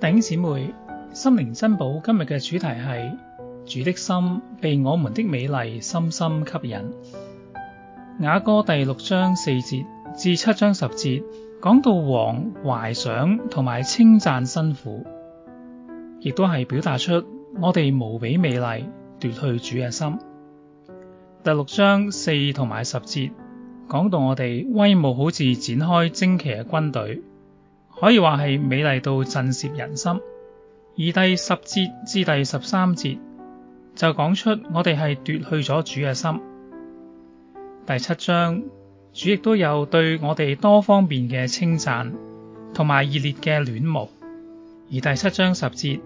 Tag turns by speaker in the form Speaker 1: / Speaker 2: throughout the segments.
Speaker 1: 弟姊妹，心靈珍寶今日嘅主題係主的心被我們的美麗深深吸引。雅歌第六章四節至七章十節講到王懷想同埋稱讚辛苦，亦都係表達出我哋無比美麗奪去主嘅心。第六章四同埋十節講到我哋威武好似展開旌旗嘅軍隊。可以話係美麗到震懾人心。而第十節至第十三節就講出我哋係奪去咗主嘅心。第七章主亦都有對我哋多方面嘅稱讚同埋熱烈嘅戀慕。而第七章十節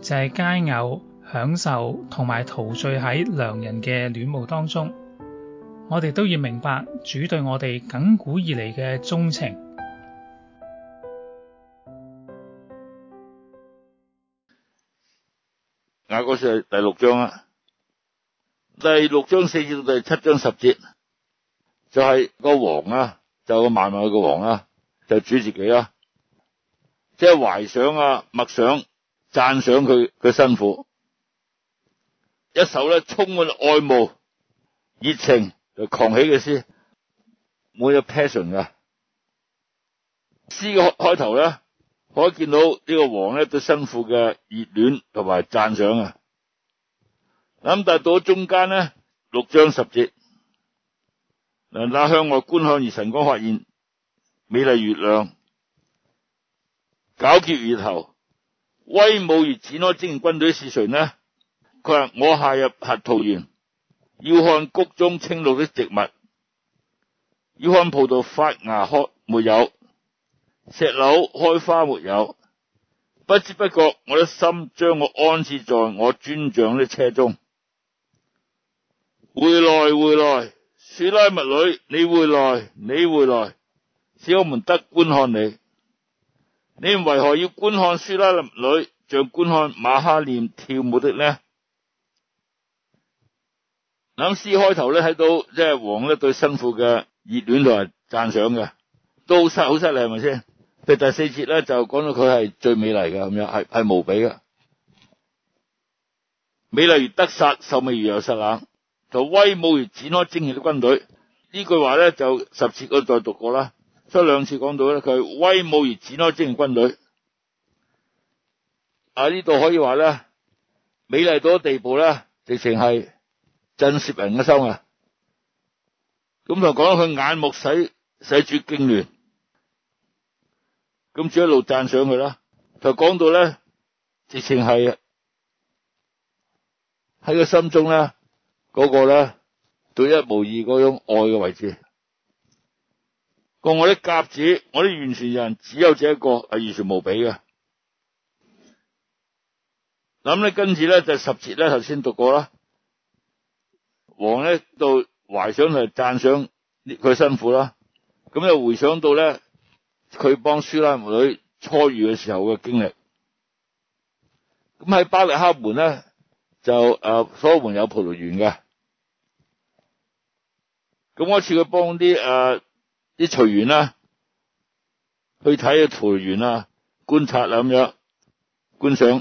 Speaker 1: 就係、是、佳偶享受同埋陶醉喺良人嘅戀慕當中。我哋都要明白主對我哋亙古以嚟嘅鍾情。
Speaker 2: 嗱，雅歌書係第六章啦，第六章四至到第七章十節，就係、是、個王啊，就埋、是、埋個王啊，就是就是、主自己啊，即、就、係、是、懷想啊、默想、讚賞佢嘅辛苦，一首咧充滿愛慕、熱情就狂喜嘅詩，冇有 passion 嘅詩嘅開、開頭咧。可以見到呢個王咧對辛苦嘅熱戀同埋讚賞啊！咁但到中間咧六章十節，那那向外觀看，如晨光發現，美麗月亮，皎潔如日頭，威武如展開旌旗軍隊是誰呢？佢話，我下入核桃園，要看谷中青綠的植物，要看葡萄發芽開沒有。石榴開花沒有？不知不覺，我的心將我安置在我尊長的車中。回來，回來，書拉密女，你回來，你回來，使我們得觀看你。你們為何要觀看書拉密女，像觀看瑪哈念跳舞的呢？咁詩開頭咧，睇到即係王呢對新婦嘅熱戀同埋讚賞嘅，都失好失禮係咪先？是佢第四節咧就講到佢係最美麗嘅，咁樣，係係無比嘅。美麗如得撒，秀美如耶路撒冷，就威武如展開旌旗的軍隊。呢句話咧就十次再讀過啦，所以兩次講到咧，佢威武如展開旌旗軍隊。啊，呢度可以話咧，美麗到地步咧，直情係震懾人嘅心啊！咁就講到佢眼目使使驚亂咁只一路讚賞佢啦。就講到咧，直情係喺佢心中咧，嗰個咧對一無二嗰種愛嘅位置。個我啲甲子，我啲完全人只有這一個係完全無比嘅。咁咧跟住咧就十節咧頭先讀過啦。王咧到懷想嚟讚賞佢辛苦啦。咁又回想到咧。佢幫書拉密女初遇嘅時候嘅經歷，咁喺巴力哈門咧就誒、啊，所羅門有葡萄園嘅，咁嗰次佢幫啲誒啲隨員啦去睇啊葡萄園啦，觀察啊咁樣觀賞，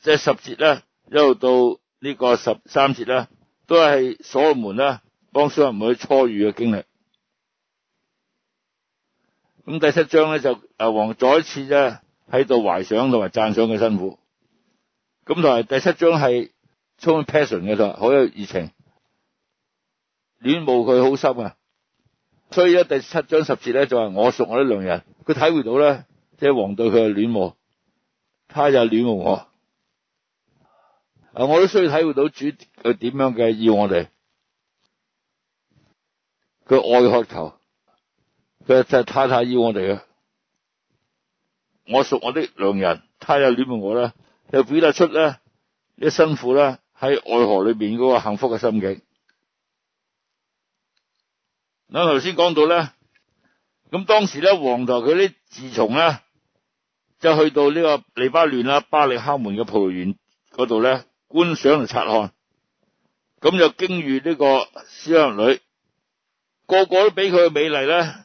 Speaker 2: 即、就、係、是、十節咧一路到呢個十三節啦，都係所羅門啦幫書拉密女初遇嘅經歷。咁第七章咧就阿王再一次咧喺度懷想同埋讚賞佢辛苦。咁同埋第七章係充滿 passion 嘅，就好有熱情，戀慕佢好深啊。所以咧第七章十節咧就話我屬我啲良人，佢體會到咧，即係王對佢嘅戀慕，他又戀慕我。啊，我都需要體會到主佢點樣嘅要我哋，佢愛嘅渴求。佢就太太要我哋嘅，我屬我啲良人，太又戀我呢，又表達出咧啲辛苦呢喺愛河裏邊嗰個幸福嘅心境。嗱頭先講到咧，咁當時咧，皇族佢啲侍從咧，就去到呢個黎巴嫩啦、巴力哈門嘅葡萄園嗰度咧，觀賞嚟察看。咁就驚遇呢個書拉密女，個個都俾佢嘅美麗咧。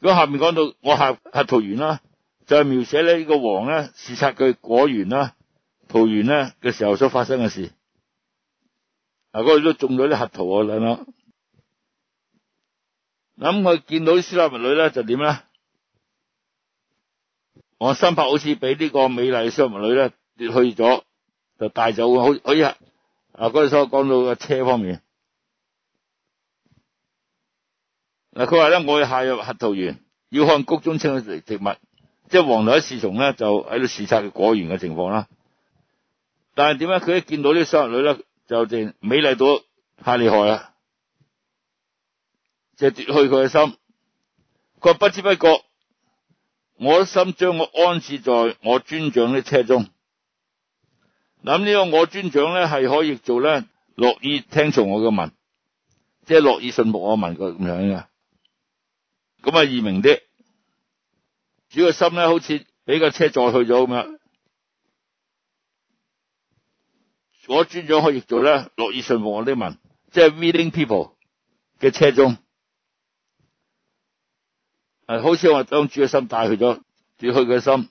Speaker 2: 如果下面講到我核核桃園，啦，就係、是、描寫呢個王咧視察佢果園啦、桃園呢嘅時候所發生嘅事。嗰度都種咗啲核桃啊，啦咁佢見到啲書拉密女咧就點咧？我心拍好似俾呢個美麗嘅書拉密女咧掠去咗，就帶走。好、哎、可呀，嗰度所講到嘅車方面。嗱，佢話咧，我要下入核桃園，要看谷中青嘅植物，即係黃頭侍從呢就喺度視察果園嘅情況啦。但係點解佢一見到呢啲書拉密女咧，就淨美麗到太厲害啦，就奪去佢嘅心。佢話不知不覺，我心將我安置在我尊長嘅車中，諗呢個我尊長咧係可以做咧，樂意聽從我嘅問，即係樂意信服我文嘅咁樣嘅。咁啊，易明啲，主嘅心咧，好似俾架車載去咗咁樣。我尊長可以做咧，樂意順服我的民，即係 Willing People 嘅車中，好似我將主嘅心帶去咗主去嘅心。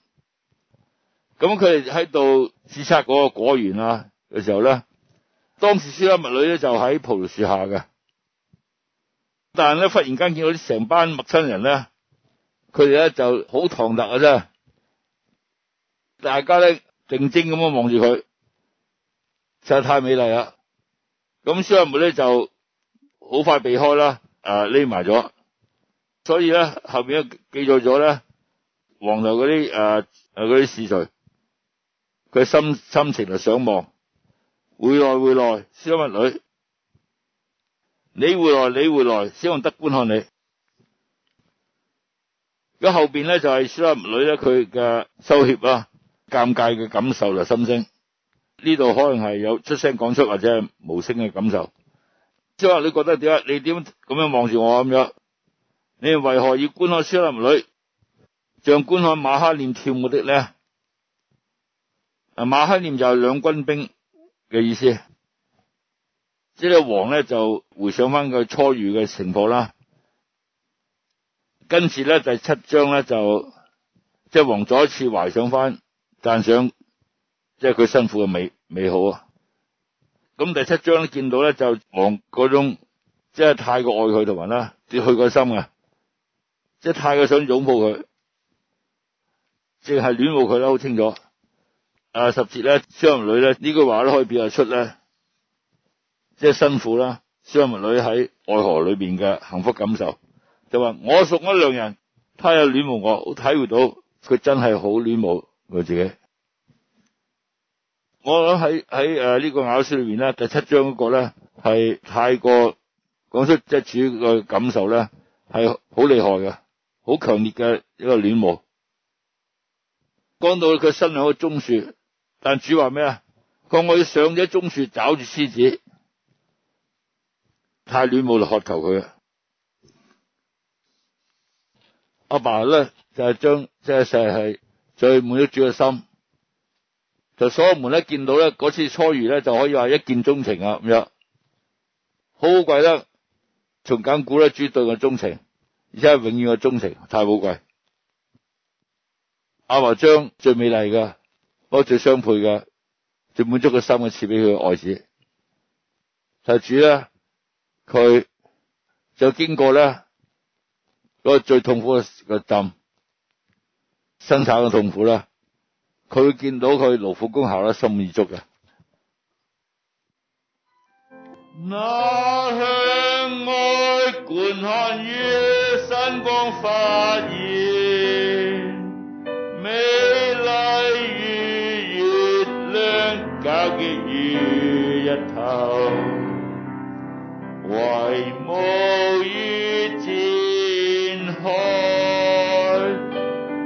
Speaker 2: 咁佢哋喺度視察嗰個果園啊嘅時候咧，當時書拉密女咧就喺葡萄樹下嘅。但係咧，忽然間見到啲成班陌生人咧，佢哋咧就好唐突嘅啫。大家咧定睛咁樣望住佢，實在太美麗啦。咁書拉密咧就好快避開啦，誒匿埋咗。所以咧後邊咧記載咗咧，黃頭啲誒誒啲侍隨，佢、呃、心心情就上望，回來，回來，書拉密女。你回來，你回來，使我們得觀看你。咁後邊咧就係書拉密女咧佢嘅羞怯啊、尷尬嘅感受同心聲。呢度可能係有出聲講出或者無聲嘅感受。即係話你覺得點啊？你點咁樣望住我咁樣？你為何要觀看書拉密女，像觀看瑪哈念跳舞的咧？啊，瑪哈念就係兩軍兵嘅意思。即係王咧，就回想翻佢初遇嘅情況啦。跟住咧，第七章咧就即係王再一次懷想翻，讚賞即係佢辛苦嘅美美好啊。咁第七章呢，見到咧就王嗰種即係太過愛佢同埋啦，跌去個心啊，即係太過想擁抱佢，即係戀慕佢啦好清楚。啊，十節咧，雙女咧呢句話都可以表現出咧。即係辛苦啦，書拉密女喺愛河裏邊嘅幸福感受，就話，我屬我的良人，他也戀慕我，好體會到佢真係好戀慕佢自己。我諗喺喺誒呢個咬書裏邊咧，第七章嗰個咧係太過講出即係主嘅感受咧，係好厲害嘅，好強烈嘅一個戀慕。講到佢身向個棕樹，但主話咩啊？講我要上咗棕樹，抓住枝子。太戀慕理渴求佢啊！阿爸咧就係將即係係最滿足主嘅心，就所羅門咧見到咧嗰次初遇咧就可以話一見鍾情啊咁樣，好好貴啦，從簡古呢，主對我鍾情，而且係永遠嘅鍾情，太寶貴。阿爸將最美麗嘅，我最相配嘅，最滿足嘅心嘅賜俾佢嘅愛子，就是、主啦。佢就經過咧嗰、那個最痛苦嘅嘅站，生產嘅痛苦啦，佢見到佢勞苦功效咧心滿意足嘅。那向外觀看如晨光發現，美麗如月亮，交潔如日頭。威武如展開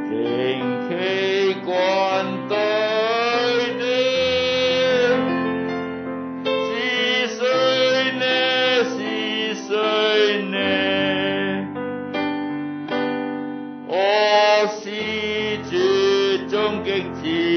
Speaker 2: 旌旗軍隊的是誰呢？是誰呢？我是主終極